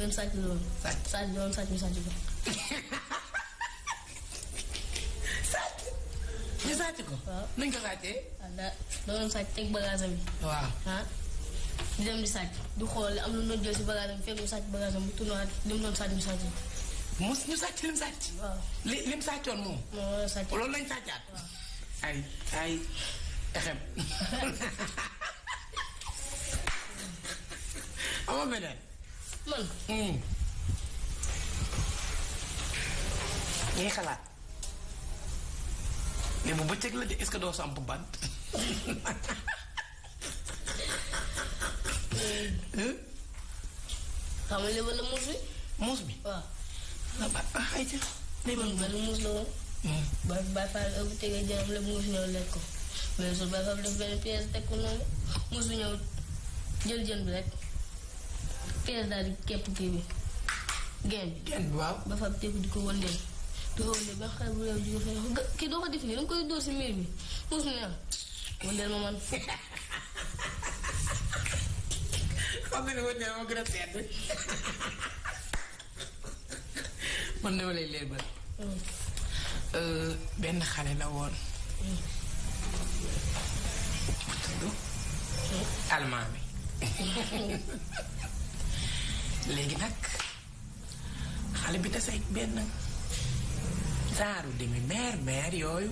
benn sàcc la woon. sàcc sàcc la woon sàcc ñu sàcc ko. sàcc. ñu sàcc ko. waaw nuñ ko sàccee. waaw ah, daa doon sàcc teg bagage am yi. waaw ah. di dem di sàcc di xool am lu doon jël si bagage am fekk mu sàcc bagage am bu tournaat li mu doon sàcc ñu sàcc ko. mu ñu sàcc lim sàcc. waaw li lim sàccoon moom. moom sàcc loolu lañ sàccaat. ay ay exem. amoo beneen. man. Hmm. ñuy xalaat. mais bu bëccëg la de est-ce doo samp bant. xam nga lebal la muus bi. muus bi waaw. ah ba ah ayca. lebal muus la woon. Hmm. ba ba faal ëpp tege jërëm la muus ñëw lekk ko ba faal def benn pièce teg ko noonu muus bi ñëw jël jën bi rek. kii la daal di képp kii bi geen bi. geen bi waaw. ba fab teeku di ko wëndeel di ko wëndeel ba xale bu réew di ko fay kii doo ko def nii da nga koy dóor si miir bi muus ne wëndeel ma man. xam nga ne wëndeel ma gën a tedd. man dama lay léebal. Hmm. Euh, benn xale la woon. bu tudd. almaa bi. léegi nag xale bi tase ak benn saaru demi meer meer yooyu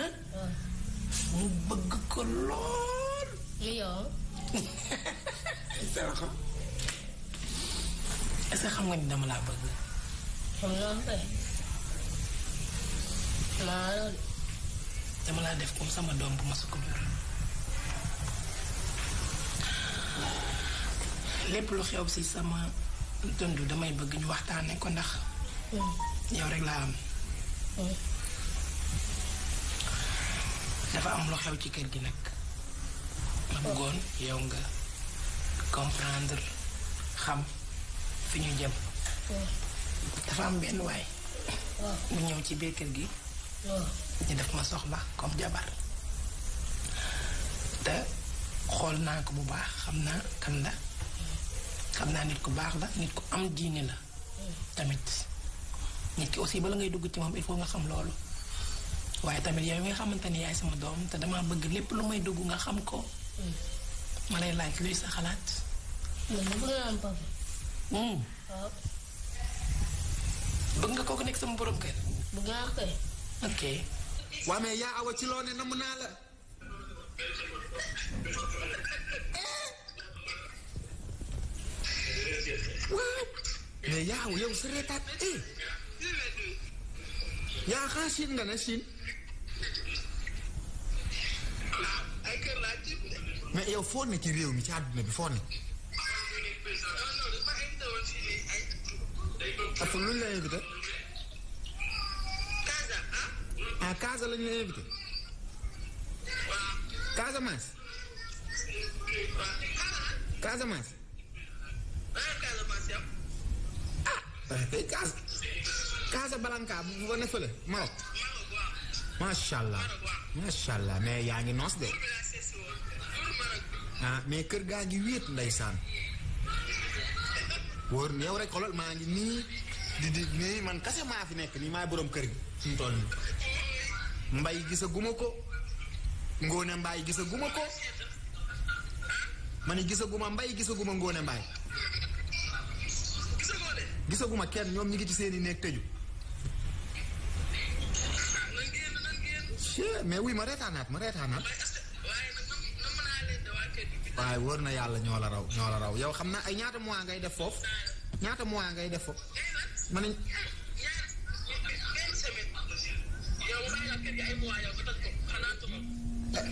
ah mu bëgg ko lool yow est-ce xam nga ni dama laa bëgg la dama laa def comme sama doom bu ma su ko lépp lu xew si sama dund damay bëgg ñu waxtaanee ko ndax hmm. yow rek laa am hmm. dafa am lu xew ci kër gi nag ma hmm. bëggoon yow nga comprendre xam fi ñu jëm dafa am benn waay mu ñëw ci biir kër gi ñu def ma soxla comme jabar te xool naa ko bu baax xam naa kanda xam naa nit ku baax la nit ku am diine la tamit nit ki aussi bala ngay dugg ci moom il faut nga xam loolu waaye tamit yow nga xamante ni yaay sama doom te damaa bëgg lépp lu may dugg nga xam ko ma lay laaj luy sa xalaat hmm. ah. bëgg nga kooku nekk sama borom kër bëgg naa kay ok waa mais yaa awa ci loo ne namm naa la eh, waaw mais yaaw yow sa reetaat eh yaa xaa siin nga ne siin mais yow foo ne réew mi ci àdduna bi foo ne dafa luñ la invité ah Casa lañ Casamance Casamance si am. ah parce que Casa Casablanca bu ko ne fële Maroc. macha allah mais yaa ngi noos de. ah mais kër gaa ngi wéet ndeysaan. wóor na yow rek xoolal maa ngi nii di di nii man kase maa fi nekk nii maay boroom kër gi fi mu toll mbay gisaguma ko. ngóone mbaay gisaguma ko. ma ni gisaguma mbay gisaguma ngoone mbaay. gisaguma kenn ñoom ñi ngi ci seen i néeg tëju. mais oui ma reetaanaat ma reetaanaat. waaye wóor na yàlla ñoo la raw ñoo la raw yow xam na ay ñaata mois ngay def foofu ñaata mois ngay def foofu. ma ne.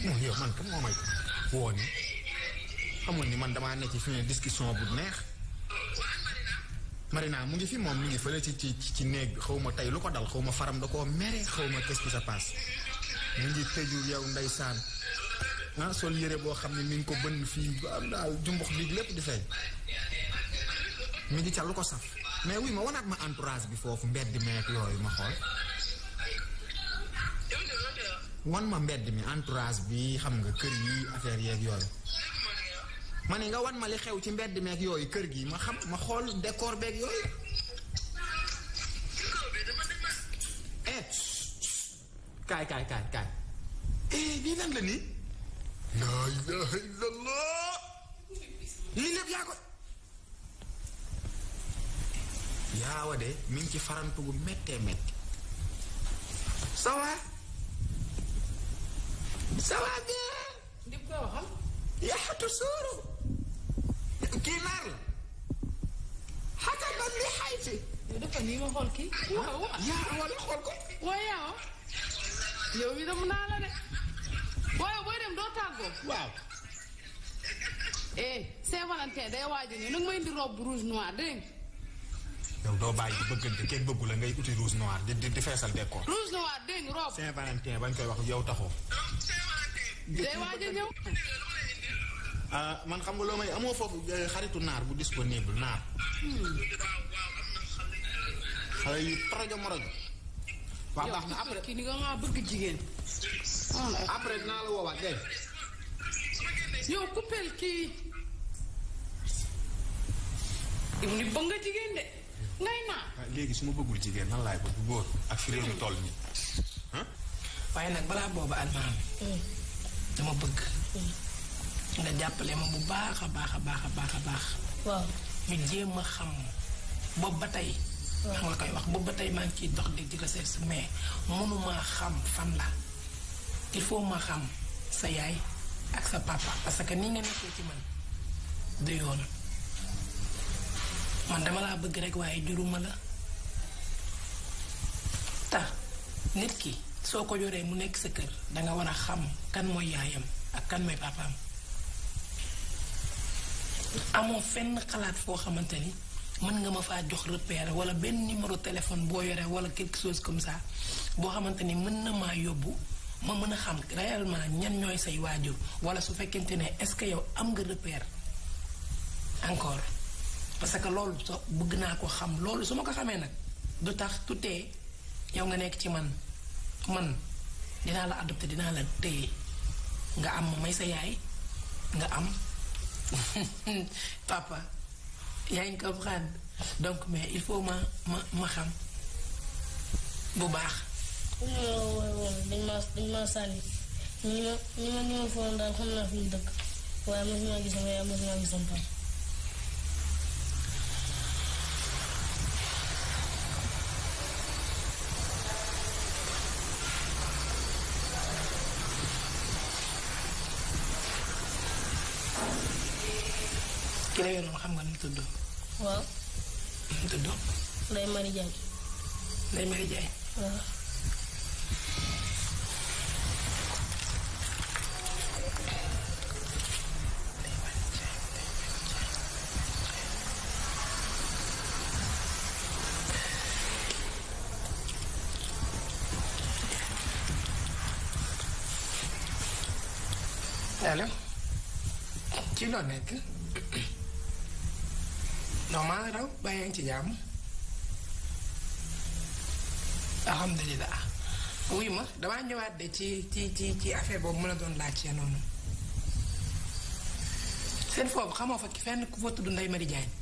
Eh, yow man kam moo may woo ni xamul ni man damaa nekk ci fi discussion bu neex. Marina mu ngi fi moom mi ngi fële si ci ci néeg bi xaw ma tey lu ko dal xaw ma faram da koo mere xaw ma qu'est-ce qui se ngi tëju yow ndeysaan ah, sol yére boo xam ne mi ngi ko bënn fii daal jumbux bi lépp di mi ngi ca ko saf mais wuy ma ma entourage bi foofu mbedd meek yooyu ma xool wan ma mbedd mi entourage bi xam nga kër yi affaire yeeg yooyu man ne nga wan ma li xew ci mbedd meeg yooyu kër gi ma xam ma xool décor beeg yooyu. Eh, kaay kaay kaay kaay. bii eh, lan la nii. laa ilaha illallah. lii lépp yaa ko. yaawa de mi ngi ci farantu gu méttee métti. ça va. ça va kii naar ah, eh, la. xataa man li xay si. yow dafa nii nga xool kii. waaw waaw yow mi dem naa la de. waaye booy dem doo tàggoo. waaw. eh Saint-Valentin day waaj a ñëw nag may indi robe rouge noir dégg yow doo bàyyi bëggante kenn bëggu ngay uti rouge noir di feesal décor. rouge noir dégg nga robe. valentin bañ koy wax yow taxoo. day waaj a ñëw. Ah, man xam nga loo may amoo foofu eh, xaritu naar bu disponible naar. xale yu waaw baax après kii ni nga bëgg jigéen. Ah, après dinaa la woowaat dégg yow coupel kii. yow nga jigéen de ngay naa. Ah, léegi su ma bëggul jigéen nan laay bëgg góor ak fi réew mi waaye nag balaa boobu almaami. Mm. dama bëgg. Mm. nga jàppale ma bu baax a baax a baax a baax a baax. waaw jéem a xam boobu ba tey. xam nga koy wax boobu ba tey maa ngi ciy dox di ko di recherche mais mënumaa xam fan la il faut ma xam sa yaay ak sa papa parce que ni nga nekkee ci man du yoon man dama laa bëgg rek waaye juruma la tax nit ki soo ko yoree mu nekk sa kër danga war a xam kan mooy yaayam ak kan mooy papaam. amoo fenn xalaat foo xamante ni mën nga ma faa jox repère wala benn numéro téléphone boo yore wala quelque comme ça boo xamante ni mën na maa yóbbu ma mën a xam réellement ñan ñooy say waajur wala su fekkent ne est-ce que yow am nga repère encore parce que loolu so bëgg naa ko xam loolu su ma ko xamee nag du tax du tee yow nga nekk ci man man dinaa la adopté dinaa la téye nga am may sa yaay nga am papa yaa ngi comprendre donc mais il faut ma ma ma xam bu baax. dañ ma dañ ma sànni ni ma ni ma ni ma foon daal xam naa fi dëkk waaye mosuma gis sama yaay mosuma gis sama papa yoroon xam nga nu tudd. waaw. nu tudd. Ndeye Marie Diagne. Ndeye Marie Diagne. waaw. ci loo nekk. non maa ngi daw bàyyi yaa ci jàmm alhamdulilah wuy ma damaa ñëwaat de ci ci ci ci boobu mën a doon laajte noonu seen foofu xamoo fa fenn ku fa tudd Ndeye Marie Diagne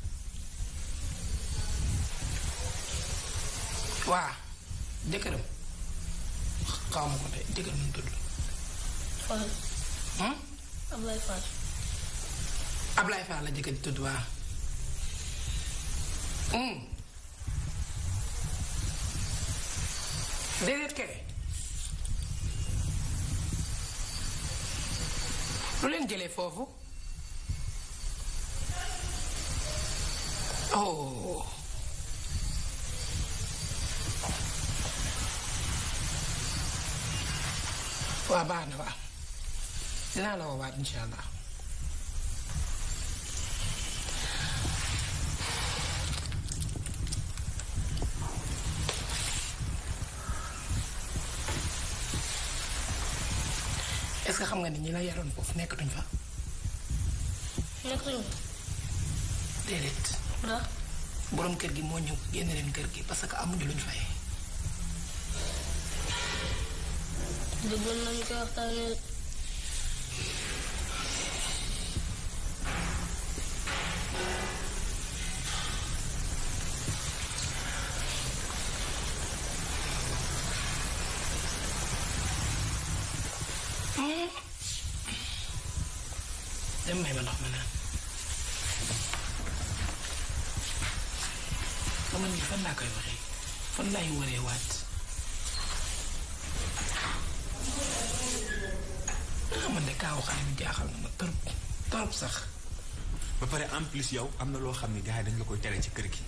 waa jëkkëram xaw ma ko de jëkkëram nu mu tudd. Fall. Hmm? Ablaye Fall. Ablaye Fall la jëkkër ji tudd waa. déedéet kay lu leen jëlee foofu oh waa baax na waaw dinaa la woowaat incha allah que xam nga ni ñi la yaroon foofu nekkatuñ fa. nekkatuñ fa. déedéet. waaw. borom kër gi moo ñëw génn leen kër gi parce que amuñu luñ fay. déggoon nañu ko waxtaanee. dama laa koy waxee fan laay waree waat ah, man de kaaw xale bi jaaxal na ma torop torop sax ba pare en plus yow am na loo xam ne gars yi dañ la koy tere ci kër gi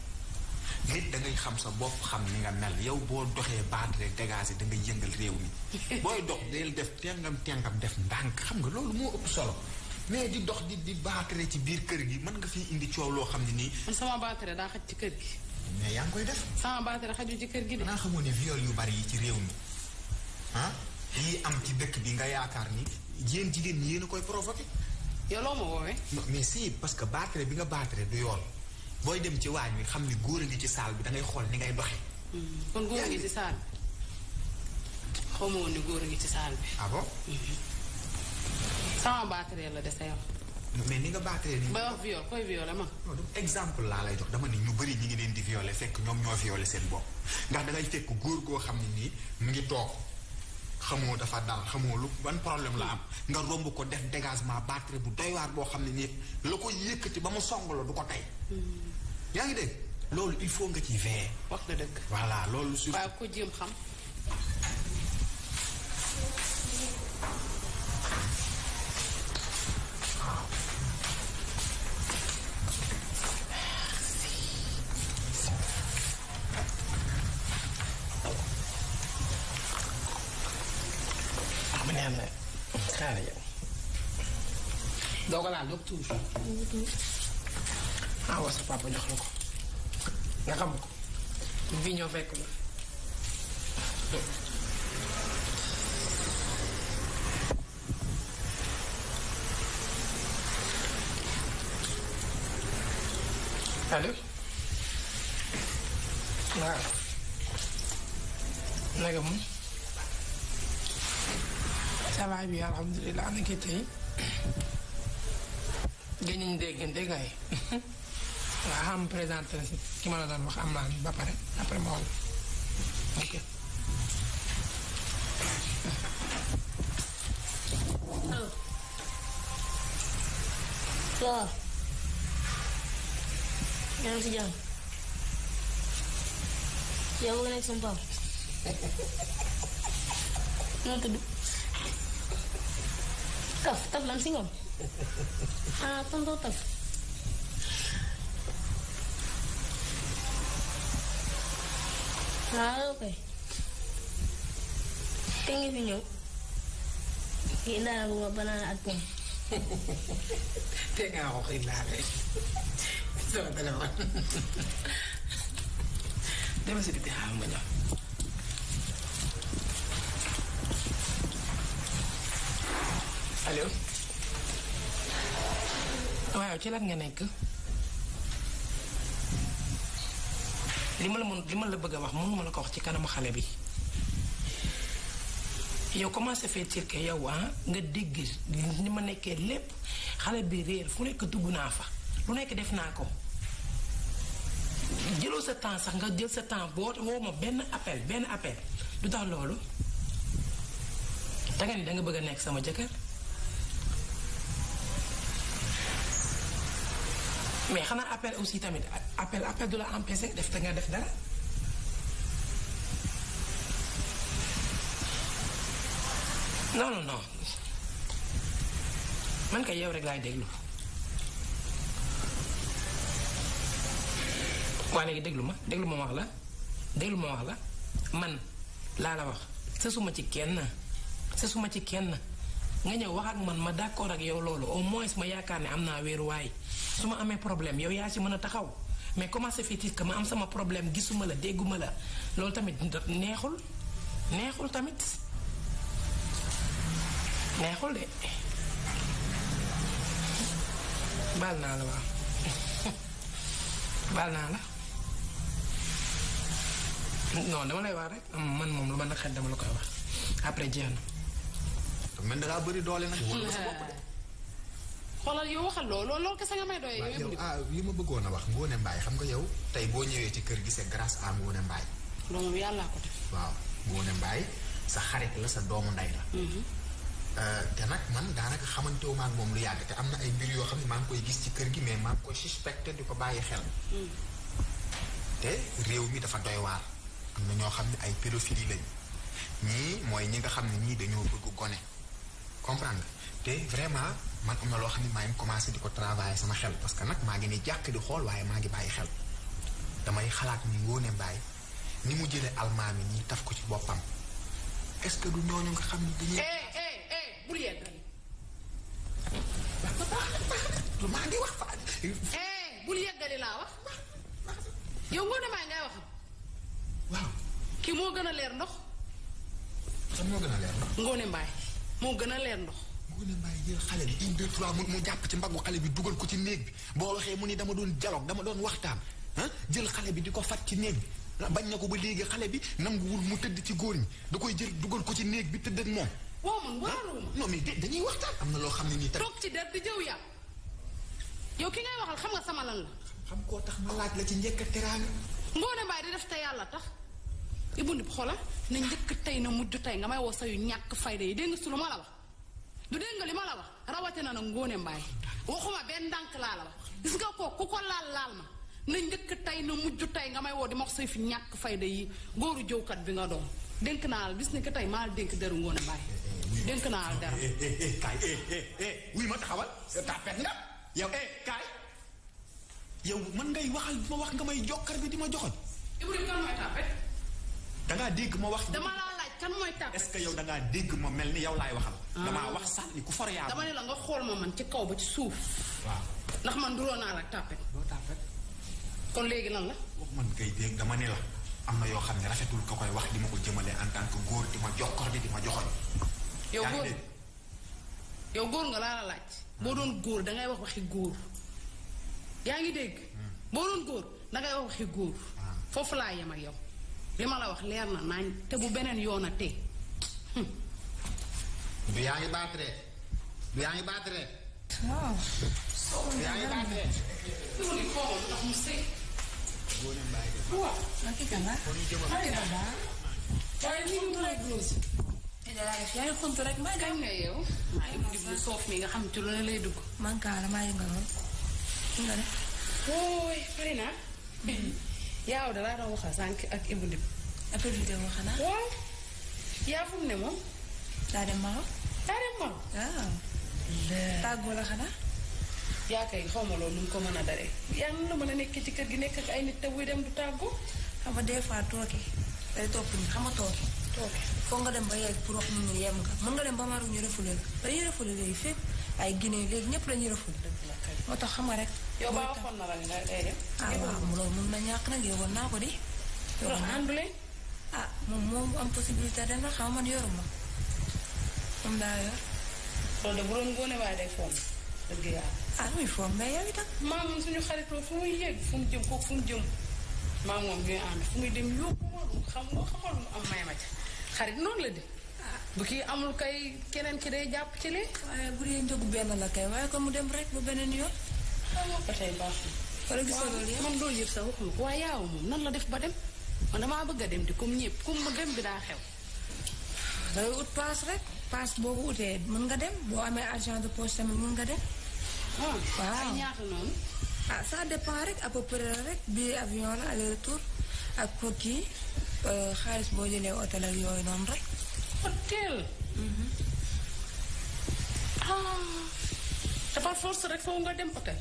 nit da xam sa bopp xam ni nga mel yow boo doxee baatare dégagé da nga yëngal réew mi booy dox del def tengam tengam def ndànk xam nga loolu moo ëpp solo mais di dox di di baatare ci biir kër gi mën nga fi indi coow loo xam ne nii man sama baatare daa xaj ci kër gi mais yaa ngi koy def. sama ah, baatara xaju ci kër gi de. naa xamoo ne viole yu bari yi ci réew mi ah yi am ci dëkk bi nga yaakaar ni yéen jigéen ñi yéen a koy provoqué. yow loo ma woowee. mais si parce que baatare bi nga baatare du yoon booy dem ci waañ wi xam ni góor a ngi ci saal bi da ngay xool ni ngay doxee. Hmm, kon góor a ngi ci xamoo ni góor a ngi ci saal bi. abo ah bon. Hmm. sama baatare la dese yow. mais ni nga baatee nii. ba wax viol koy violé ma. exemple laa lay jox dama ni ñu bëri ñi ngi leen di violé fekk ñoom ñoo violé seen bopp ndax da ngay fekk góor goo xam ne nii mu ngi toog xamoo dafa dal xamoo lu ban problème la am nga romb ko def dégagement batterie bu doy waar boo xam ne nii la ko yëkkati ba mu song la du ko tey. Hmm. yaa ngi dégg loolu il faut nga ci veiller. wax nga dëgg. voilà loolu. surtout ko ku jéem xam. toujours. ah sa papa jox la ko. nga xam ko. bii ñoo fekk la. allo. waaw. naka mu. ça va bien alhamdulilah naka tey. dana si ki ma la daan wax am naa ba pare après ma wàll ok. waaw. yaa ngi si jàmm. yow nga nekk sama papa. taf taf lan si ngoon. ah taf. waaw kay te nga fi ñëw ngi indaale bu ma banaan ak pomme. te ngaa wax indaale sama téléphone dama si biti xaar ma ñëw. waaw ci lan nga nekk. li ma la mën li ma la bëgg a wax mënuma la ko wax ci kanamu xale bi yow comment ça fait yow waa ah, nga dégg ni ma nekkee lépp xale bi réer fu nekk dugg naa fa lu nekk def naa ko jëloo sa temps sax nga jël sa temps boo woo ma benn appel benn appel du tax loolu danga ni danga bëgg a nekk sama jëkkër mais xanaa appel aussi tamit appel appel du la empêcher def te def dara. non non man kay yow rek laay déglu. waa léegi déglu ma déglu ma wax la déglu ma wax la man laa la wax sësuma ci kenn suma ci kenn. nga ñëw wax ak man ma d'accord ak yow loolu au moins ma yaakaar ne am naa wéeruwaay su ma amee problème yow yaa si mën a taxaw mais comment ça ka que ma am sama problème gisuma la dégguma la loolu tamit neexul neexul tamit neexul de baal naa la waaw baal naa la non dama lay wax rek man moom lu ma naqari dama la koy wax après jeex na man dangaa bari doole nag. xoolal yow waxal loolu loolu kese nga may doy. yow ah li ma bëggoon a wax Ngoné mbaay xam nga yow tey boo ñëwee ci kër gi c'est grâce à Ngoné Mbaye. loolu waaw Ngoné Mbaye sa xarit la sa doomu ndey la. Mm-hmm. Euh, te nag man daanaka xamante wu ma moom lu yàgg te am na ay mbir yoo xam ne maa ngi koy gis ci kër gi mais maa ngi koy suspecté di ko bàyyi xel. Mm. te réew mi dafa doywaar am na ñoo xam ne ay pédophiles lañu ñii mooy ñi nga xam ne ñii dañoo bëgg gone. comprendre te vraiment man am na loo xam ne maa ngi commencé di ko travailler sama xel parce que nag maa ngi ne jàkk di xool waaye maa ngi bàyyi xel damay xalaat ni Ngoné Mbaye ni mu jëlee almaam yi nii taf ko ci boppam ce que du ñooñu xam ne eh, eh, eh, maa ngi wax fa. bul yeggali laa wax. yow Ngoné Mbaye ngay wax. waaw. kii moo gën a leer ndox. kan moo moo gën a leer ndox. mu gën jël xale bi une trois mu jàpp ci mbaggu xale bi dugal ko ci néeg bi boo waxee mu ni dama doon dialogue dama doon waxtaan ah, jël xale bi di ko faj ci néeg bi ah, bañ na ko ba léegi xale bi nanguwul mu tëdd ci góor ñi da koy jël dugal ko ci néeg bi tëdd ak moom. waaw man ah, waraluma non mais dañuy waxtaan am na loo xam ne nii. toog ci der di jëw yàpp yow ki ngay waxal xam nga sama lan la. xam koo tax ma la ci njëkk a teraanga. Ngoné di def te yàlla tax. Ibou Ndip xoola na njëkk tey na mujj tey nga may woo sayu ñàkk fayda yi dégg nga su lu ma la wax du dégg li ma la wax rawatina na ngóone mbaay waxuma benn ndànk laa la wax gis nga ko ku ko laal laal ma na njëkk tey na mujj tey nga may woo di ma say fi ñàkk fayda yi góoru jëwkat bi nga doon dénk naa bis ni ko tey maa dénk deru ngóone mbaay dénk naa la dara eh, eh, eh, wuy ma taxawal tapet nga yow eh kaay yow man ngay waxal ma wax nga may jokkar bi di ma joxoñ dangaa dégg ma wax. dama laa laaj kan mooy tàpp. est-ce que yow da ngaa dégg ma mel ni yow laay waxal. Ah. damaa wax sànni ku for yaa dama ne la nga xool ma man ci kaw ba ci suuf. waaw ndax man duróo naa la tàppet. doo tàppet. kon léegi lan la. wax man kay dama ne am na yoo xam ne rafetul ka koy wax di ma ko jëmale en tant que góor di ma jox kor di ma joxoñ. góor yow góor nga laa la laaj. boo doon góor dangay wax waxi góor. yaa ngi dégg. Hmm. boo doon góor dangay wax waxi góor. Ah. foofu laa yem ak yow. li ma la wax leer na naañ te bu beneen yoona a tee. du yaa ngi baatre rek loolu. yaa ngi xuntu rek maa ah. ngi ne yow. soof mi nga xam ci loolu lay dugg. man kaala maa ngi nga lool. nga ne. wóoy bari yaaw da laa doon a sànq ak Ibou Ndip. ak Ibou Ndip wax na. waaw. yaa fu ne moom. daa dem Maroc. daa dem Maroc. waaw. tàggoo xaw ma loolu nu ko mën a daree. yaa ngi la mën a nekkee ci kër gi nekk ak ay nit te buy dem du tàggu xam nga des fois tooke. day topp ñu xam nga tooke. tooke foog nga dem ba yegg pour wax nit ñi yem nga. mën nga dem ba Maroc ñu refoulé la dañuy refoulé léegi fépp ay Guinée léegi ñëpp dañuy refoulé. moo tax xam nga rek. yow baa waxoon na la li ngay def. ah waaw mun na ñàkk nag yëgoon naa ko di. yëgoon naa àndule. ah moom moo am possibilité dem rek xam man yoruma moom daa yor. loolu de bu doon góone waaye day foon dëgg yàlla. ah muy foon muy yéeg fu mu jëm ma xam nga xamal mu am may ma ca xarit noonu la de. Ah. bu ki amul kay keneen ki day jàpp ci li waaye bu dee njëgu benn la kay waaye kon mu dem rek ba beneen yoon. ba tey baax na. man loolu yëpp sax waxuma waaye yaaw moom nan la def ba dem man damaa bëgg a dem di comme ñëpp comme ma dem bi daa xew. da ut paas rek paas boo ko mën nga dem boo amee argent de poche tamit mën nga dem. Ah, waaw ay ñaata noonu. ah ça dépend rek à peu bi avion la aller retour ak pour kii euh, xaalis boo jëlee hôtel ak yooyu noonu rek. hôtel. Mhm. ah force rek foofu nga dem hôtel.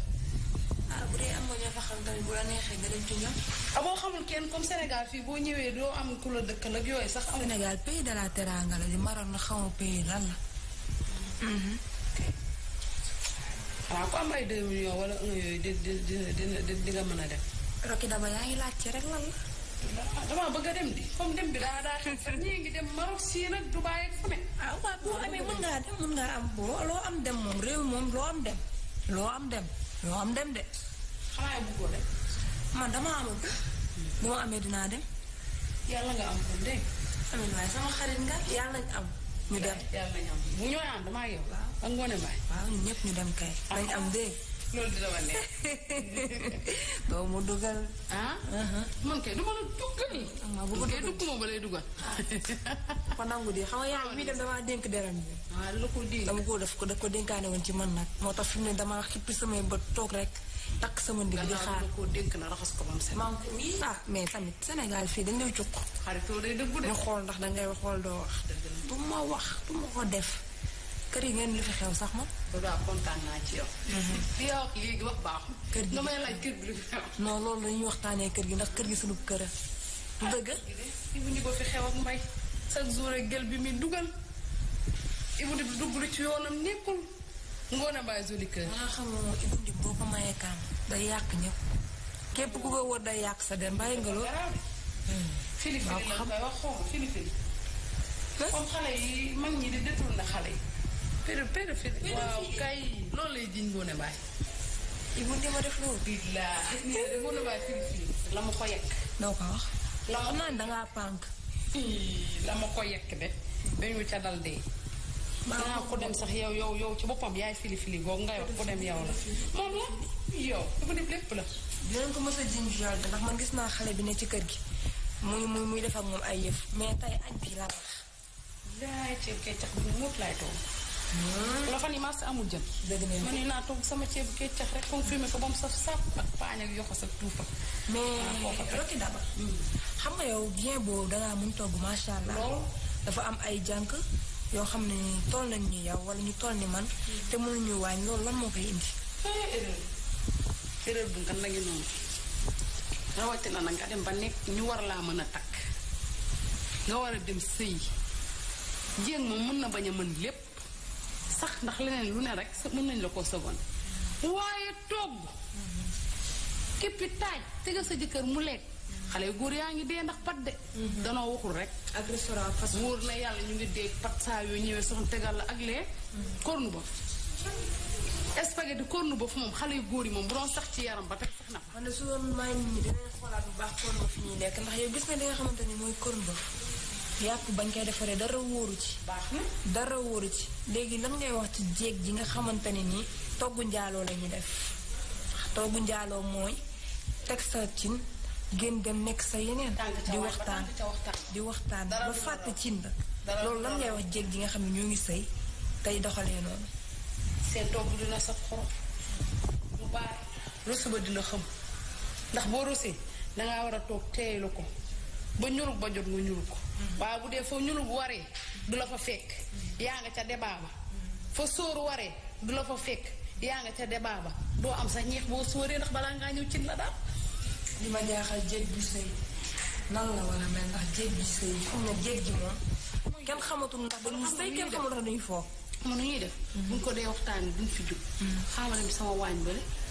ah bu dee am nga la neexee nga dem ci ñoom. Ah, xamul kenn comme Sénégal fii boo ñëwee doo am ku la dëkk nag yooyu sax. amul Sénégal pays de la la di Maroc na xaw ma pays lan mhm. ah, ay 2 millions wala 1 mën a dem. Rocky Daba ah, a dem ngi dem Maroc sii nag Dubaay ak fu ne. ah waaw boo amee mën ngaa dem mën ngaa am boo loo am dem moom réew moom loo am dem. loo am dem. yoo am dem de xanaa yow bëggoo man dama amagul bu ma amee dinaa de yàlla nga am kon dégg sama xarit nga yàlla nañ am ñu dem yàlla nañ am bu ñooy am damaa yow waaw ñun ñëpp ñu dem kay nañ am dégg loolu dina ma dugal. Ah? Uh-huh. man kay du ma la dugal. Ah, ma bëgg a dugal kay ba lay dugal. ko nangu di xam nga yaa ngi dem damaa dénk deram bi. waaw ah, lu ko di dama ko def ko daf ko dénkaane woon ci man nag. moo tax fi mu ne damaa xippi samay bët toog rek. takk sama ndig di xaar ko dénk na raxas ko ba mu set. maa ngi ko ah mais fii dañ lay cuq. xaritoo day dëggu de. ñu xool ndax dangay xool doo wax. du ma wax du ma ko def. kër yi ngeen li fi xew sax ma. kontaan naa ci yow. Mhm. kër gi nga may laaj kër gi loolu la ñuy waxtaanee kër gi ndax kër gi sunu kër a. bu dëgg. Ibou Ndi ko fi xew ak mbay chaque jour ak gel bi muy dugal Ibou Ndi dugg lu ci yoonam nekkul ngoon a bàyyi zone kër. maa xam nga moom Ibou Ndi boo day yàq ñëpp képp ku ko wër day yàq sa den bàyyi nga loolu. filifili la nga wax xale yi mag ñi di détourné xale yi. pér pédophile waaw kay loolu lay jiñ Ngoné Mbaye. Ibou ni ma def loolu. la ma ko yekk. doo ko wax. la ma naan da ngaa pànk. la ma ko yekk de. ba ñu ca dal dee. maa ko dem sax yow yow yow ku dem yow la. moom la yow dafa def lépp la. dinañ ko mës jiñ viol bi ndax man gis naa xale bi ne ci kër gi. muy muy muy def ak moom ay yëf. mais tey añ bi laa wax. laay ceeb keccax bi muut laay toog. la fan yi marché amul jën. ma ne naa toog sama ceebu keccax rek confirmé ko ba mu saf sàpp ak paañ ak yoxos ak tuufa. mais Rocky Daba. Hmm. xam nga yow bien boobu dangaa mun togg macha allah. dafa am ay jànq yoo xam ne toll nañ ni yow wala ñu toll ni man. te mënuñu wàññi loolu lan moo koy indi. Eh, erreur bu nga la ngi noonu rawatina na nga dem ba nekk ñu war laa mën a takk nga war a dem sëy jéeg moom mën na bañ a mën lépp. sax ndax leneen lu ne rek mën nañ la koo sëboon waaye togg kippi taaj tega sa jëkkër mu lekk xale yu góor yaa ngi dee ndax pat de mhm. danoo waxul rek ak restaurant fast wóor na yàlla ñu ngi dee pat saa yoo ñëwee soxna tegal la ak lee corne mhm. ba spaghetti corne ba fu moom xale yu góor yi moom bu doon sax ci yaram ba tey sax na man de su doon may nit ñi dinañ xoolaat bu baax corne ba fi ñuy lekk ndax yow gis nga li nga xamante ni mooy corne ba yàpp bañ koy defaree dara wóoru ci. dara wóoru ci léegi lan ngay wax ci jéeg ji nga xamante ne nii togg njaaloo lañuy def togg njaaloo mooy teg sa cin gën dem nekk sa yeneen. di waxtaan di waxtaan ba fàtte cin la. loolu lan ngay wax jéeg ji nga xam ne ñu ngi sëy tey doxalee noonu. seen togg dina sa xorom bu baax. rësu ba dina xam ndax boo rësee dangaa war a toog la ko. ba ñurug ba jot nga ñurug ko mm-hmm. waaye bu dee fa ñurug waree du la fa fekk mm-hmm. yaa nga ca débat ba mm-hmm. fa sóor waree du la fa fekk yaa nga ca débat ba doo am sa ñeex boo sóoree ndax balaa ngaa ñëw cin la daal li ma jaaxal jéeg bu sëy na la war a mel ndax jéeg bu sëy xam na jéeg ji moom kenn xamatul ndax dañuy sëy kenn xamatul ndax dañuy foo mënuñuy def buñ ko dee waxtaan duñ fi jub xamal sama waañ bële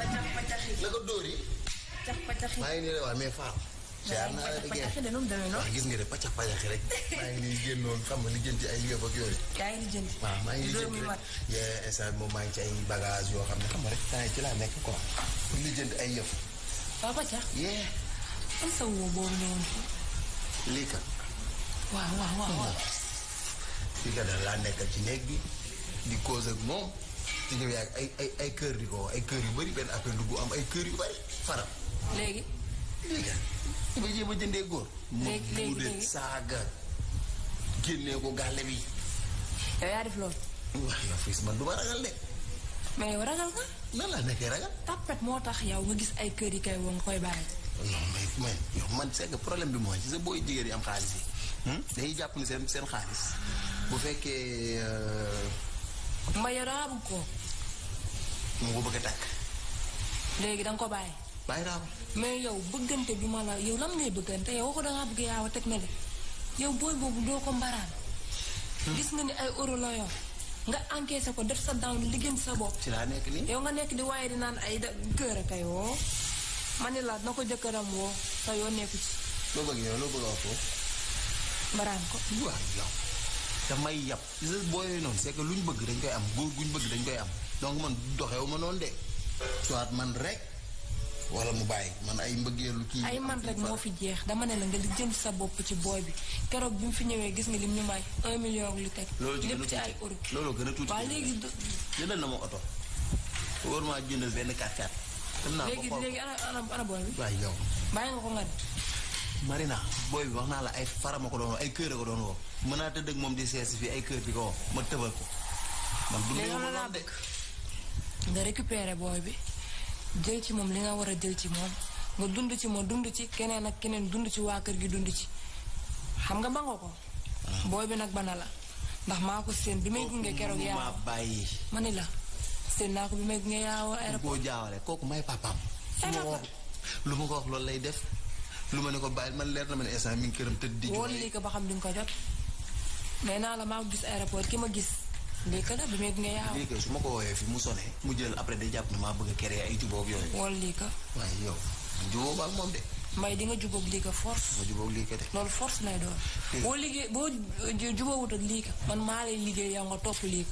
pacax pacaxi la ko dóori. pacax pacaxi maa ngi nii rek waa mais faaw. jaar naa la liggéey wax gis nga de pacax rek. maa ngi nii génnoon xam nga lijjanti ay yëf ak yooyu. yaa maa ngi lijjanti maa ngi ci ay bagage yoo xam ne xam nga yi ci laa nekk quoi. lijjanti ay yëf. waaw pacax. lii kat. daal laa nekkal ci néeg bi di cause ak moom. ci ñëwee ak ay ay ay kër di ko ay kër yu bari benn appel bu am ay kër yu bëri faram. léegi. léegi nga jéem jëndee góor. léegi léegi mu de saaga génnee ko gàlle bi. yow yaa def loolu. waaw yow fii du ma ragal de. mais yow ragal nga. nan laa nekkee tapet moo tax yow nga gis ay kër yi kay woo nga koy bàyyi. non mais man yow problème bi mooy ci sa booy jigéen yi am xaalis yi. Hmm? dañuy jàpp ni seen seen xaalis bu fekkee. Euh, Mbaye raabu ko. mu ko bëgg a takk. léegi da ko bàyyi. bàyyi naa mais yow bëggante bi ma la yow lan ngay bëggante yow waxu da bëgg yaaw teg mele yow booy boobu doo ko mbaraan. Hmm. gis nga ni ay euro la yor nga ko def sa down liggéey sa bopp. ci laa nekk nii yow nga nekk di waaye di ay da kër kay woo. ma na ko jëkkëram sa yoo nekku ci. loo bëgg ko. mbaraan ko. waaw yow damay yab. booy yooyu noonu c'est luñ bëgg dañ koy am góor guñ bëgg dañ koy am. donc man doxewu ma noonu de soit man rek walla mu bàyyi man ay mbëggeelu kii ay man rek moo fi jeex dama ne la nga jënd sa bopp ci booy bi keroog bi mu fi ñëwee gis nga lim ñu may un million lu teg lépp ci ay euro loolu gën a tuuti waaw léegi jëndal na ma oto wóor jëndal benn quatre-quatre dem naa léegi ana ana booy bi waaye yow bàyyi nga ko nga Marina booy bi wax naa la ay farama ko doon ay kër a ko woo mën naa tëdd ak moom di sees fii ay kër di ko woo ma tëbal ko man du ma nga récupérer booy bi jël ci moom li nga war a jël ci moom nga dund ci ma dund ci keneen ak keneen dund ci waa kër gi dund ci xam nga ba ko ah. booy bi nag bana la ndax maa ko seen bi may gunge keroog yaaw ma ni la seen naa ko bi may gunge yaaw aéroport boo jaawale kooku may lu ma ko wax loolu lay def lu ma ne ko bàyyi man leer na ma ne instant mi ngi këram tëdd di woon lii ko ba xam di nga ko jot nee naa la maa ko gis aéroport ki ma gis lii que la bi muy yaaw. lii su ma ko woowee fi mu sone mu jël après day jàpp ne maa bëgg a ay jubóog yooyu. wala lii que. waaye yow jubóog ak moom de. di nga jubóog lii que force. ma jubóog loolu force lay doon. boo liggéey boo jubóowut lii que man liggéey yow topp lii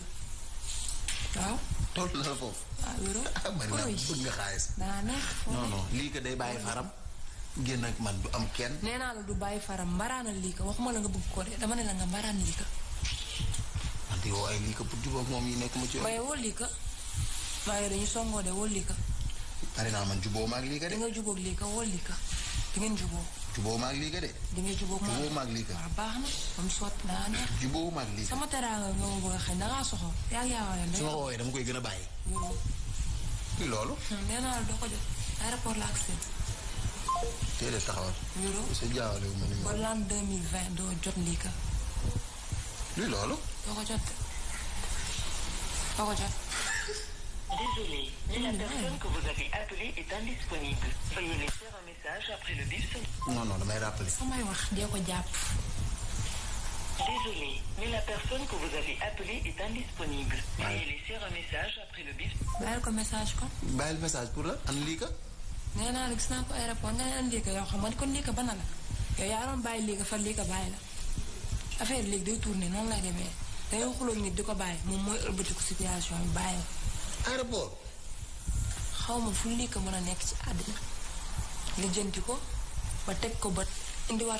waaw. toll na la foofu. ah wéro bëri na bëgg nga xaalis. daa neex non non lii day bàyyi faram. génn ak man du am kenn. nee naa la du bàyyi faram mbaraanal lii que waxuma la nga bëgg ko de dama ne la nga mbaraan lii di woo ay liika pour jubóog moom yi nekk mu ci. waaye woo liika waaye dañu songoo de woo liika. pare naa man jubóo maag liika de. di nga jubóog liika woo liika di ngeen jubóo. jubóo maag liika de. di nga jubóog maag jubóo maag liika. waaw baax na comme sot naa neex. jubóo maag liika sama teraanga nga ma bëgg a xëy da ngaa soxla. yaa ngi yaa waaye su dama koy gën a bàyyi. loolu. Hmm, nee la doo ko jot aéroport la ak seen. teel a taxawal. sa jaawale wu ma ni ma. ba doo jot liika. luy loolu. doo ko jot doo ko jot. Désolé, la personne que vous avez appelée est indisponible. samay wax dee ko jàpp. Désolé, mais la personne que vous avez appelée est indisponible. Veuillez laisser un message ko message ko. message pour la am lii ka. naa la gis naa ko aéroport nga ne an lii ka xam nga kon lii bana la yow yaa bàyyi lii ka far bàyyi la. affaire léegi day tourné noonu lay demee day xuloo nit di ko bàyyi moom mooy ëlbatiku situation bi bàyyi ma fu lii ko mën a nekk ci àdduna lijjanti ko ba teg ko bët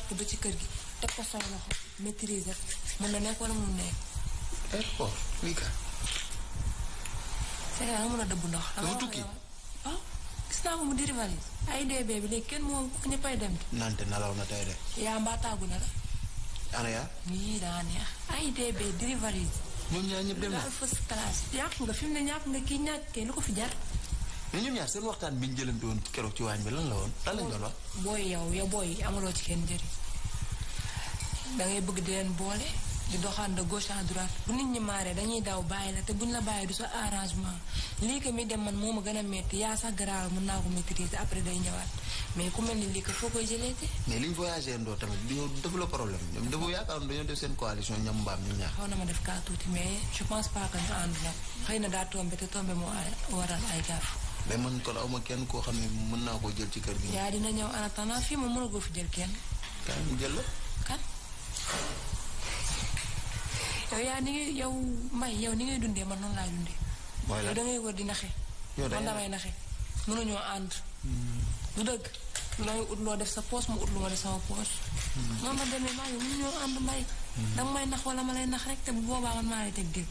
ko ci kër gi teg ko say loxo maîtriser mën na nekk wala mu nekk. aéroport lii ndox. dama mu diri valise. ay dee bi léegi kenn moom ñëppay dem. nante nalaw na tey de. yaa mbaa na la. ana yaa. nii daa neex. AIBD delivery. ñoom ñaar ñëpp dem la first yàq nga fi mu ne ñàkk nga kii ñàkk kay lu ko fi jar. mais ñoom seen waxtaan bi ñu jëlante woon keroog ci waañ bi lan la woon lan lañ doon wax. booy yow ya booy amaloo ci kenn njëriñ da bëgg di leen boole. di doxaan de gauche à droite bu nit ñi maaree dañuy daw bàyyi la te buñ la bàyyi du sa arrangement lii que dem man moo ma gën a métti yaa sax garaaw mën naa ko maîtriser après day ñëwaat mais ku mel ni lii que foo jëlee te. mais liñ voyagé ndoo tamit dafa la problème ñoom dafa yaakaaroon dañoo ma def kaa tuuti mais je pense pas que ñu ànd nag xëy na daa tombé te tombé moo waral ay gaaf. mais man kon aw ma kenn koo xam ne mën naa koo jël ci kër gi. yaa dina ñëw en attendant fii ma mënagoo fi jël kenn. kaay mu jël la. kan. yow yaa ni ngay yow may yow ni ngay dundee man noonu laa dundee. mooy la yow da ngay wër di naxe. yow man damay naxe mënuñoo ànd. Hmm. du dëgg looy ut loo def sa poos mu ut lu ma def sama poche. Hmm. noonu la demee maa ngi mënuñoo ànd mbay. Hmm. danga may nax wala ma lay nax rek te bu boobaa man maa ngi teg dégg.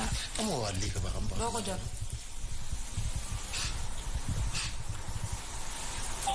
ah amoo waat lii ko ba ko jot.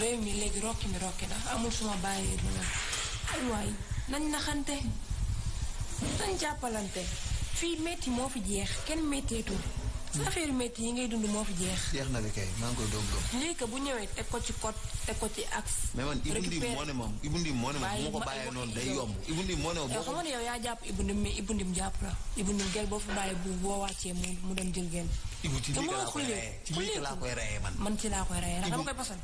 réew mi léegi rokki mi rokki na amul suma bàyyi noonu ay waay nañ naxante nañ jàppalante fii métti moo fi jeex kenn métteetul sa affaire yi ngay dund moo fi jeex. jeex na bi kay maa ngi koy bu ñëwee teg ko ci code teg ko ci axe. mais man Ibou moom Ibou moo ne moom bu day yomb. Ibou Ndim yow yaa jàpp Ibou Ndim mais Ibou Ndim jàpp la. Ibou Ndim gel boo fi bàyyi bu boo wàccee mu mu dem jël gel. Ibou ci lii laa koy reyee man mu ngi man ci laa koy reyee man ci laa koy reyee ndax dama koy pasal.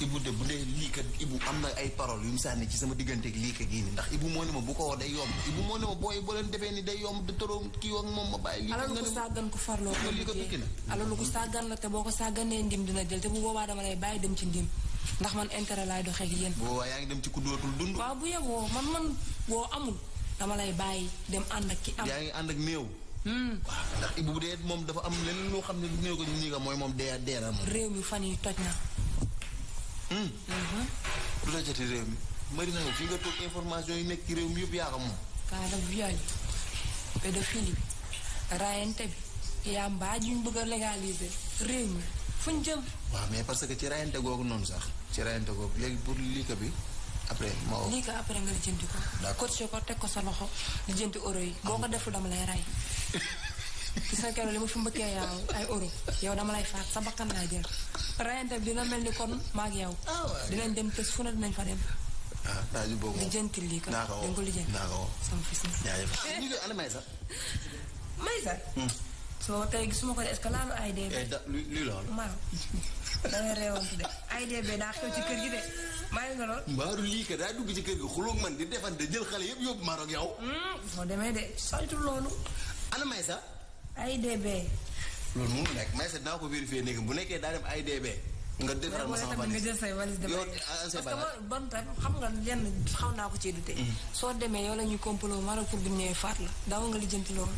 Ibou de bu dee lii kat am na ay parole yu mu sànni ci sama digganteeg lii kat gii nii ndax Ibou moo ne ma bu ko woo day yomb Ibou moo ne ma booy boo leen defee ni day yomb ko sàggan ko ko lii na boo ko sàgganee ndim dina jël te bu boobaa dama lay bàyyi dem ci ndim man intérêt laay doxee ak yéen. boobaa yaa ngi dem ci ku dootul dund. waaw bu yeboo man man boo amul dem ànd ak ki am. yaa ngi ànd ak néew. Hmm. waaw moom dafa am leneen loo xam ne néew ko mooy moom dee dee na moom. réew mi fan yi toj na hum mm-hmm. ku mm-hmm. la joti réew mi mari na fi nga toog information yi nekk ci réew mi yëpp yaa ko moom kaala viol bi pédophilie bi rayante bi yàmbaaj mbaa ñu bëgg a légaliser réew mi fu ñu jëm waaw mais parce que ci rayante googu noonu sax ci rayante googu léegi pour liika bi après ma woo lii après nga lijjanti ko. d' accord coaché ko teg ko sa loxo lijjanti euro yi. boo ko deful dama lay ray. gis nga keroog li ma fi mbëkkee yow ay euro yow dama lay faat sa bakkan laa jël bi dina mel ni kon maag yow. Ah, dinañ dem kës fu ne dinañ fa dem. ah daa ju boobu lijjanti lii kat. naa ko woo naa ko woo sama fils mi. jaajëf ñu ngi ana Maysa. Maysa. Hmm. soo tey ko de est-ce que laalu AIDB. Eh, luy loolu. maa da nga réewante de AIDB daa xew ci kër gi de maa ngi nga lool. mbaaru lii kat daa dugg ci kër gi xuloog man di defante jël xale yëpp yóbbu Maroc yow. Hmm, soo demee de saytu loolu. ana sa AIBD. loolu moom nag may seet naa ko vérifier léegi bu nekkee daa dem AIBD. nga defaral ma sama valise nga jël say valise demee ah, parce que bon tam xam nga lenn xaw naa ko ci dute. Mm. soo demee yow la ñuy complot Maroc pour bu ñëwee faat la daaw nga lijjanti loolu.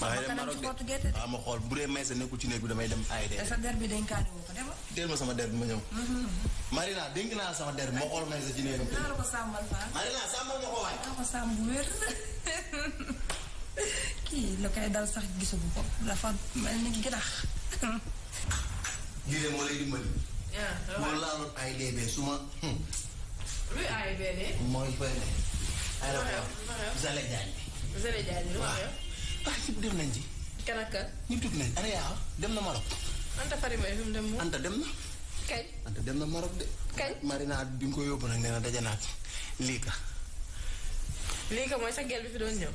maa ngi dem Maroc de ah, ma xool bu dee may sa nekkul ci néeg bi damay dem AIBD. sa der bi dañ kaa woo ko demal. teel ma sama ma ñëw. Mm-hmm, mm-hmm. Marina dénk naa sama der bi ma xool sa ci néegam. naa la ko bu wér. kii la koy dal sax gisagu ko dafa mel ni ginax. lii de moo lay dimbali. waaw moo laaloon AIBD su ma. Hmm. luy AIBD. mooy benn aéroport. Zale bi. Zale Diagne bi waaw. ah ñëpp dem nañ ci. kan ak kan. na Maroc. Anta dem na. kañ. Anta dem na Maroc de. kañ Marina bi mu ko yóbbu nag nee na dajanaat lii ka. mooy sa gel bi fi doon ñëw.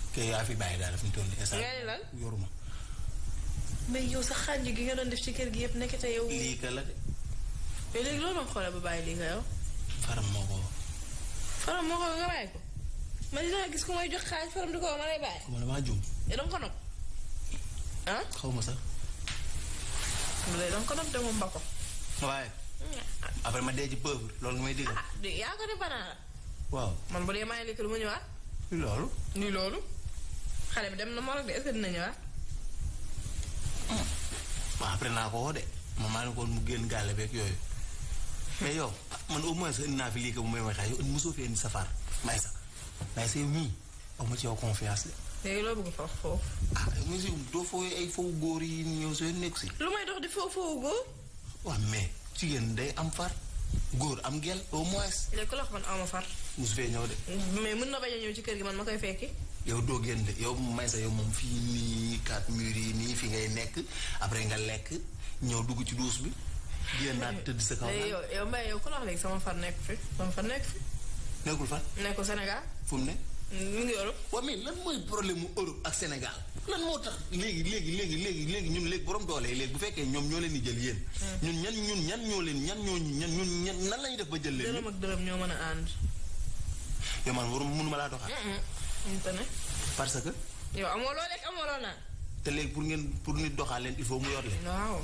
kii yaa fi bàyyi daal fi mu toll nii instant yoruma. mais yow sa xànj gi nga doon def ci kër gi yëpp nekkete yow. lii ka la de. mais léegi loolu doon man gis di ko ma lay bàyyi. man damaa juum. Eh, ko nopp. Ah? xaw ma sax. ma dee ci loolu nga ah, ko de banaa la. waaw man bu dee loolu. xale bi dem na Morog de est dina ñëwaat. waaw après naa ko woo de man maa ne ko mu génn gaale beeg yooyu. mais yow man au moins indi naa fi lii que bu may waxee léegi loo bëgg foofu. ah monsieur góor yi ñëw soo nekk si. lu may day am far. am gel au moins. ma far. fee ñëw de. mais mën na bañ a ñëw ci kër gi man ma koy fekki. yow doo génn yow may sa yow moom fii nii quatre murs yi nii fi ngay nekk après nga lekk ñëw dugg ci duus bi génnaat tëdd sa kaw yow yow yow ku la wax léegi sama nekk fi sama far nekk fi nekkul fan nekkul Sénégal fu ne mu ngi Europe waaw mais lan mooy problème mu Europe ak senegal lan moo tax léegi léegi léegi léegi léegi ñun léegi borom doole yi léegi bu fekkee ñoom ñoo leen di jël yéen hmm. ñun ñan ñun ñan ñoo leen ñan ñoo ñan ñun ñan nan lañu def ba jël leen dërëm ak ñoo mën a ànd yow man warum mënuma laa doxal parce que. yow amoo loo lekk amoo loo naan. te léegi pour ngeen pour nit doxal leen il faut mu yor leen. waaw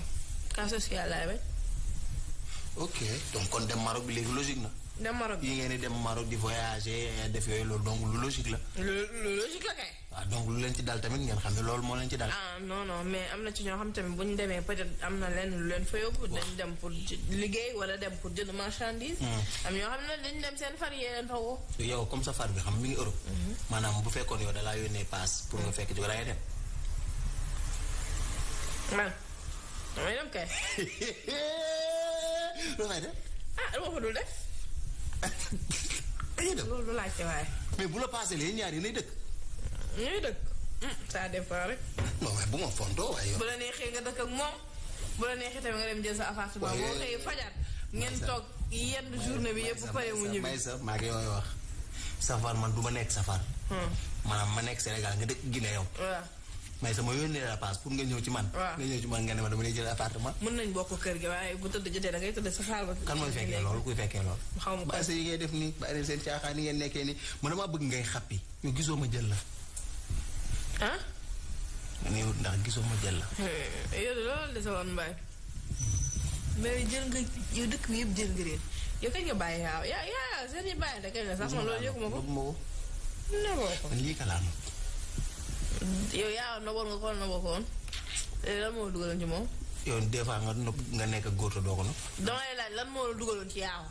cas social laay bañ. ok donc kon dem Maroc bi léegi logique na. dem Maroc bi yi ngeen di dem Maroc di voyager def yooyu loolu donc lu logique la. lu logique la kay. waaw ah, donc lu leen ci dal tamit ngeen xam ne loolu moo leen ci dal. ah non non mais am na ci ñoo xam tamit bu ñu demee peut-être am na leen lu leen fa yóbbu. dañ dem pour liggéey wala dem pour jënd marchandise. Hmm. am ñoo xam ne dañ dem seen far yee leen fa woo. yow comme sa far bi xam mi ngi Europe. Hmm. maanaam bu fekkoon yow laa yónnee paas pour nga fekk ci wala ngay dem. man damay dem kay. Ah, loolu laay def. mais bu la paasee lee ñaar yi lay dëkk. ñuy dëkk. ça hmm, dépend rek. bu ma fontoo waaye yow. bu la neexee nga dëkk ak moom bu la neexee nga dem jël sa appartement boo xëyee fajar ngeen toog yenn journée bi yëpp pare mu sa maa du hmm. ñëw man. nga ñëw ci man nga ne ma dama lay jël appartement. mën nañ bokk kër gi waaye bu tëdd jotee da tëdd sa xaar ba. kan mooy fekkee loolu kuy fekkee loolu. xaw ma yi ngay def nii ba seen caaxaan yi ngeen nekkee nii man damaa bëgg ngay xàppi yow gisoo ma jël la ah. nii ndax gisuma ma jël la. Hmm, yow loolu de sa woon mbaay. mais jël nga yow dëkk bi yëpp jël nga réer yow kañ nga bàyyi waaw yaa yaa seen i bàyyi da kañ yaa noboon nga ko noboo ko woon. Eh, lan moo dugaloon ci moom. yow des fois nga nopp nga nekk góor te doo ko nopp. damay laaj lan moo dugaloon ci yaaw.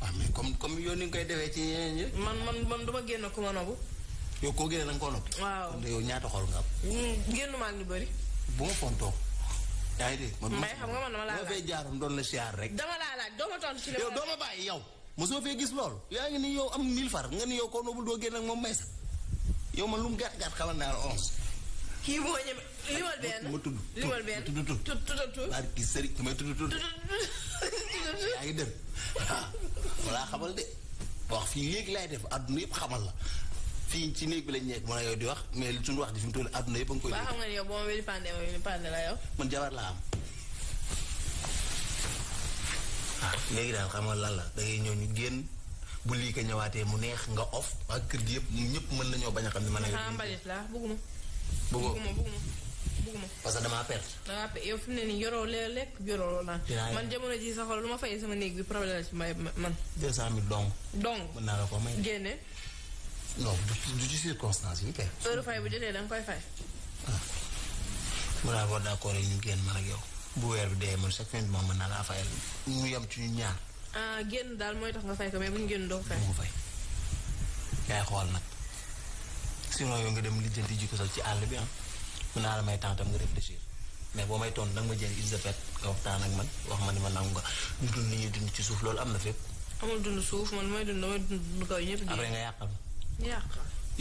waaw ah, mais comme comme yow ni nga koy defee ci man man man du génn ku ma nobu. yow koo génne na xol nga am. Hmm, génn maa ma fontoo. yaa rek. dama gis loolu. yaa ngi ni yow am mille far nga yow koo nobul doo génn moom may sax yow man lu mu gàtt gàtt xamal naa la onze. kii moo ñeme limal benn ma tudd limal benn tudd tudd tudd tudd tudd. barki xamal de wax fii léegi lay def àdduna yëpp xamal la fii ci néeg bi lañ nekk mën a yow di wax mais suñu wax di fi mu toll àdduna yëpp a koy. waaw xam nga la man ah, la da ngay ñëw ñu génn bu lii mu neex nga ak kër gi yëpp ñëpp mën nañoo bañ a xam ne mën ah, parce que damaa perte. damaa perte yow fi mu ne nii jamono ji sax lu ma fay sama néeg bi problème la ci may dong. dong mën naa la ko may génne non du ci circonstance yi kay. heure fay bu jotee da nga koy fay. ah. boo d'accord ñu génn man ak yow bu weer bi dee man chaque fin de mois mën naa yem ci ñu ñaar. ah génn daal mooy tax nga fay ko mais bu doo fay. doo fay yaay xool nag sinon yow nga dem lijjanti ji ko sax ci àll bi naa la may temps tam nga de réfléchir mais boo may tontu nag ma jël Elisabeth nga waxtaan ak man wax ma ni ma nangu nga dund ni ñuy dund ci suuf loolu am na fépp. amul dund suuf man may dund damay dund kaw ñëpp. après nga yàqal. yàq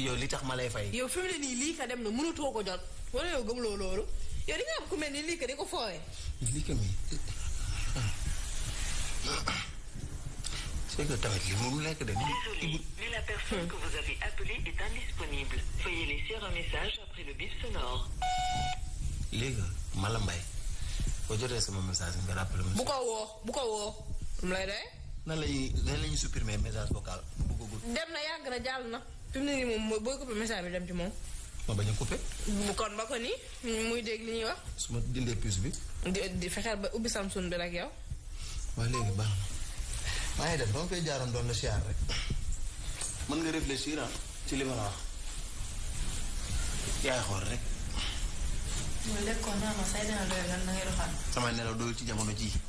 yow li tax ma lay fay. yow fi mu nii lii ka dem na mënatoo ko jot wala yow gëmloo loolu yow di nga am ku mel ni lii ka di ko fooyee. lii ka mi c'est que mu nekk de. désolé mais la personne que vous avez appelée est indisponible. veuillez laisser un message après le bip sonore. léegi Malam Mbaye boo jotee sama message nga rappelé. bu ko woo bu ko woo. mu lay dee. nan la ñuy nan la ñuy supprimer message vocal bëggagul. dem na yàgg na jàll na. fi ne nii moom booy coupé message bi dem ci moom. ma bañ a coupé. kon ba ko nii muy dégg li ñuy wax. su ma dindee puce bi. di di fexeel ba ubbi Samsung bi rek yow. waaye léegi ba na maa ngi dem ba koy jaaroon doon la rek. mën nga réfléchir ah ci li ma yaay xool rek. man lépp kon naa ma say dina doyal lan la ngay doxal. sama nelaw doyul ci jamono jii.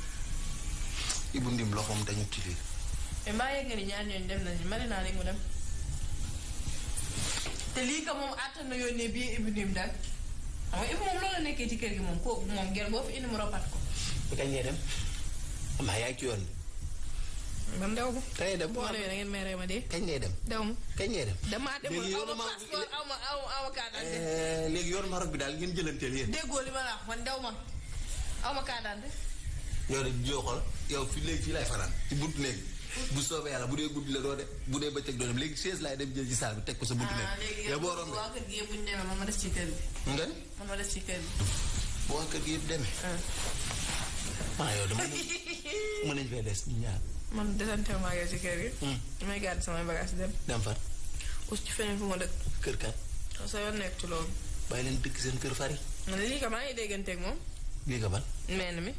Ibu Ndim loxoom dañu tilim. mais maa yegg ni ñaar ñooñu dem nañu mari naa ne mu dem. te lii ka moom àttan na yónnee bii Ibu Ndim daal xam moom loolu nekkee ci kër gi moom kooku moom gerte boo fi indi mu ropat ko. bu kañ ngay dem amaa yaa ci yoon man daw ma. kañ ngay dem boo da ngeen may ma dem daw ma kañ ngay dem. ma passeport eh, bi daal ngeen jëlanteel yéen. déggoo li ma la man daw ma aw ma carte yow de joo xool yow fi léegi fii laay fanaan ci buntu léegi bu soobee yàlla bu dee guddi la doo de bu dee bëccëg doo dem léegi chaise laay dem jël ci saal ko sa buntu ah, léegi yow yëpp bu ñu des ci kër bi nga man ma des ci kër bi bu ah. ah, mën nañ fee des ñaar man desante maa ngi ci kër gi hmm. damay gàddu samay bagage dem dem far aussi ci feneen fu ma dëkk kër kat sa yoon nekk ci loolu bàyyi leen dëkk seen kër fari lii maa ngi dégganteeg moom lii ka meen mi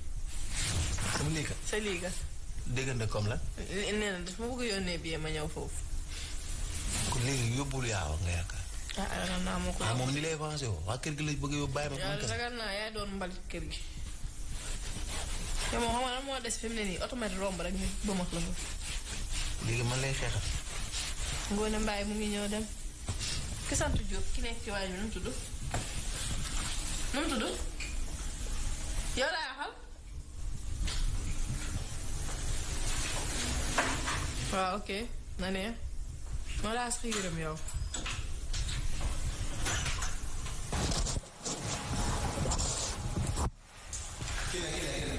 sama liiga sa liiga déggante comme la eh, nee na dafa bëgg yónnee bi ma ñëw foofu kon léegi yóbbul yaaw nga yaakaar ah, ah, ah moom ni lay avancé woo kër gi la bëgg yóbbu bàyyi ma moom kese ragal naa yaa kër gi moo des fi mu ne nii la ko léegi man mu ngi ñëw dem ki sant Diop ki nekk ci waaye bi nu mu tudd nu yow laa xal waaw ok na neex ma laas xiiram yow. kii la kii la